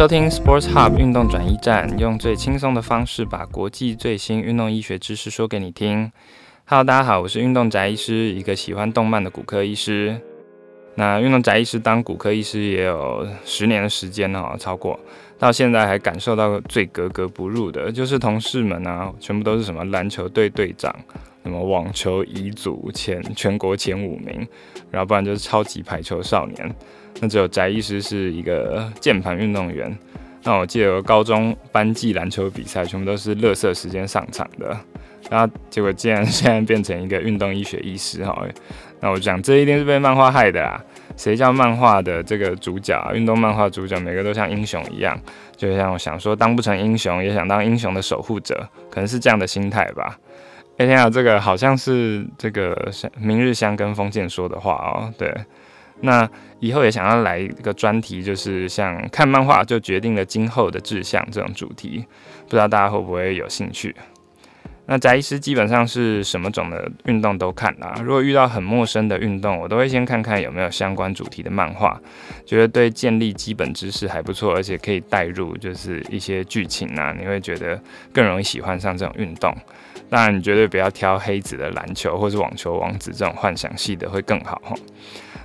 收聽 Sports Hub 運動轉驛站，用最輕鬆的方式把國際最新運動醫學知識說給你聽。Hello，大家好，我是運動宅醫師，一個喜歡動漫的骨科醫師。那運動宅醫師當骨科醫師也有十年的時間了，超過，到現在還感受到最格格不入的就是同事們啊，全部都是什麼籃球隊隊長，什麼網球乙組前全國前五名，然後不然就是超級排球少年，那只有宅醫師是一個鍵盤運動員。那我記得有高中班際籃球比賽全部都是垃圾時間上場的，那結果竟然現在變成一個運動醫學醫師哈。那我講，這一定是被漫畫害的啊！誰叫漫畫的這個主角、啊，運動漫畫主角每個都像英雄一樣，就像我想說，當不成英雄也想當英雄的守護者，可能是這樣的心態吧。哎、欸，天啊，這個好像是這個明日香跟風見說的話哦、喔。對，那以後也想要來一個專題，就是像看漫畫就決定了今後的志向這種主題，不知道大家會不會有興趣？那翟醫師基本上是什麼種的運動都看啦、啊。如果遇到很陌生的運動，我都會先看看有沒有相關主題的漫畫，覺得對建立基本知識還不錯，而且可以帶入，就是一些劇情啊，你會覺得更容易喜歡上這種運動。當然，你覺得不要挑黑子的籃球，或是網球王子這種幻想系的會更好？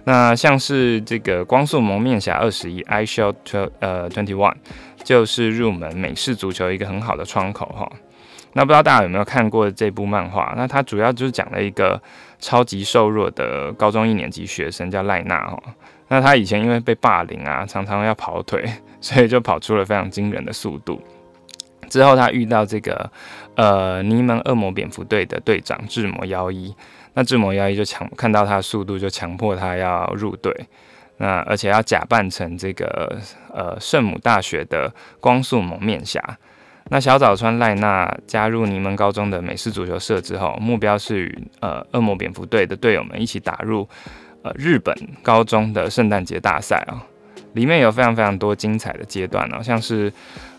那像是這個《光速蒙面俠二十一》，I shall tw 呃 twenty one，就是入門美式足球一個很好的窗口哈。那不知道大家有沒有看過這部漫畫？那它主要就是講了一個超級瘦弱的高中一年級學生，叫賴納哈。那他以前因為被霸凌啊，常常要跑腿，所以就跑出了非常驚人的速度。之後他遇到這個呃尼門惡魔蝙蝠隊的隊長智魔妖一，那智魔妖一就強看到他的速度，就強迫他要入隊，那而且要假扮成這個呃聖母大學的光速蒙面俠。那小早川瀨那加入泥門高中的美式足球社之後，目標是與呃惡魔蝙蝠隊的隊友們一起打入呃日本高中的聖誕節大賽啊、哦！裡面有非常非常多精彩的階段啊、哦，像是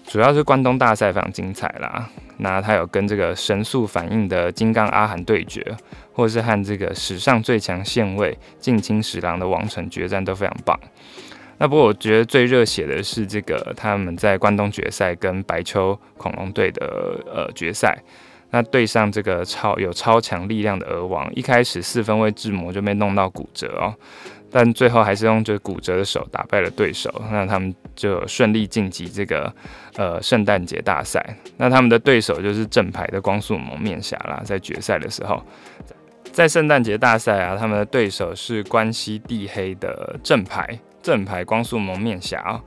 主要是關東大賽非常精彩啦。那他有跟這個神速反應的金剛阿含對決，或是和這個史上最強線衛進清十郎的王城決戰都非常棒。那不過我覺得最熱血的是這個他們在關東決賽跟白秋恐龍隊的呃決賽，那對上這個超有超強力量的鵝王，一開始四分衛蛭魔就被弄到骨折哦，但最後還是用這骨折的手打敗了對手，那他們就順利晉級這個呃聖誕節大賽。那他們的對手就是正牌的光速蒙面俠啦，在決賽的時候，在聖誕節大賽啊，他們的對手是關西地黑的正牌。正牌光速蒙面俠，哦，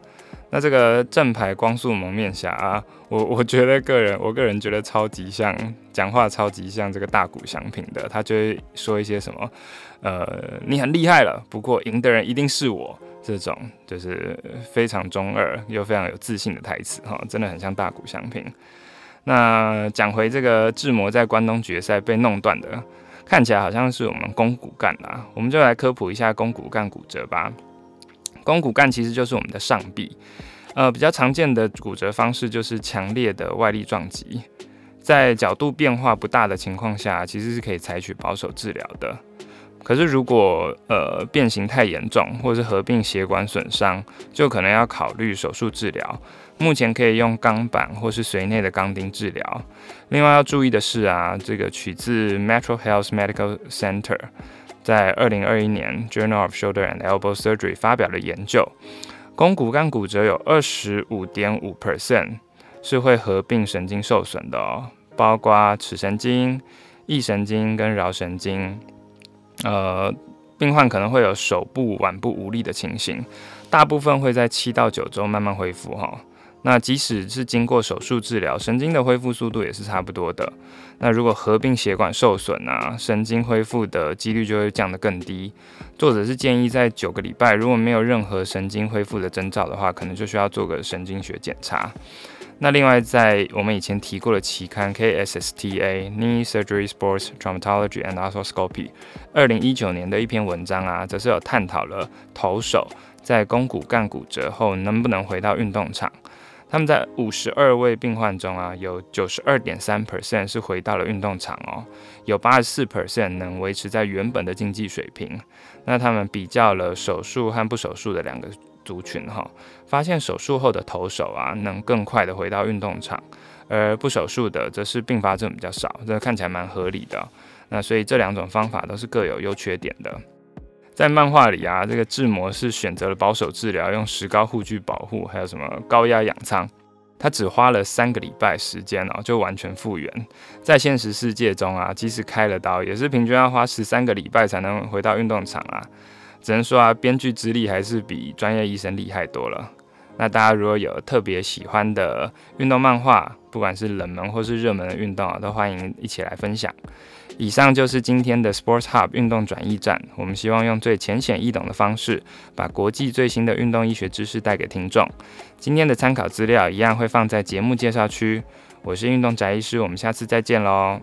那這個正牌光速蒙面俠啊，我我覺得個人我個人覺得超級像，講話超級像這個大谷翔平的，他就會說一些什麼，呃，你很厲害了，不過贏的人一定是我這種，就是非常中二又非常有自信的台詞哈、哦，真的很像大谷翔平。那講回這個志摩在關東決賽被弄斷的，看起來好像是我們肱骨幹啦，我們就來科普一下肱骨幹骨折吧。肱骨幹其實就是我們的上臂，呃，比較常見的骨折方式就是強烈的外力撞擊，在角度變化不大的情況下，其實是可以採取保守治療的。可是，如果呃變形太嚴重，或者是合併血管損傷，就可能要考慮手術治療。目前可以用鋼板或是髓內的鋼釘治療。另外要注意的是啊，這個取自 Metro Health Medical Center 在二零二一年 Journal of Shoulder and Elbow Surgery 發表的研究，肱骨幹骨折有二十五點五 percent 是會合併神經受損的哦，包括尺神經、腋神經跟橈神經。呃，病患可能會有手部、腕部無力的情形，大部分會在七到九周慢慢恢復哈。那即使是經過手術治療，神經的恢復速度也是差不多的。那如果合併血管受損呢、啊？神經恢復的幾率就會降得更低。作者是建議在九個禮拜，如果沒有任何神經恢復的徵兆的話，可能就需要做個神經學檢查。那另外，在我們以前提過的期刊 K S S T A Knee Surgery Sports Traumatology and Arthroscopy，二零一九年的一篇文章啊，則是有探討了投手在肱骨幹骨折後能不能回到運動場。他們在五十二位病患中啊，有九十二點三 percent 是回到了運動場哦，有八十四 percent 能維持在原本的競技水平。那他們比較了手術和不手術的兩個。族群哈、哦，發現手術後的投手啊，能更快的回到運動場，而不手術的則是併發症比較少，這看起來蠻合理的、哦。那所以這兩種方法都是各有優缺點的。在漫畫裡啊，這個智磨是選擇了保守治療，用石膏護具保護，還有什麼高壓氧艙，他只花了三個禮拜時間哦，就完全復原。在現實世界中啊，即使開了刀，也是平均要花十三個禮拜才能回到運動場啊。只能說啊，編劇之力還是比專業醫生厲害多了。那大家如果有特別喜歡的運動漫畫，不管是冷門或是熱門的運動、啊，都歡迎一起來分享。以上就是今天的 Sports Hub 運動轉驛站，我們希望用最淺顯易懂的方式，把國際最新的運動醫學知識帶給聽眾。今天的參考資料一樣會放在節目介紹區。我是運動宅醫師，我們下次再見嘍。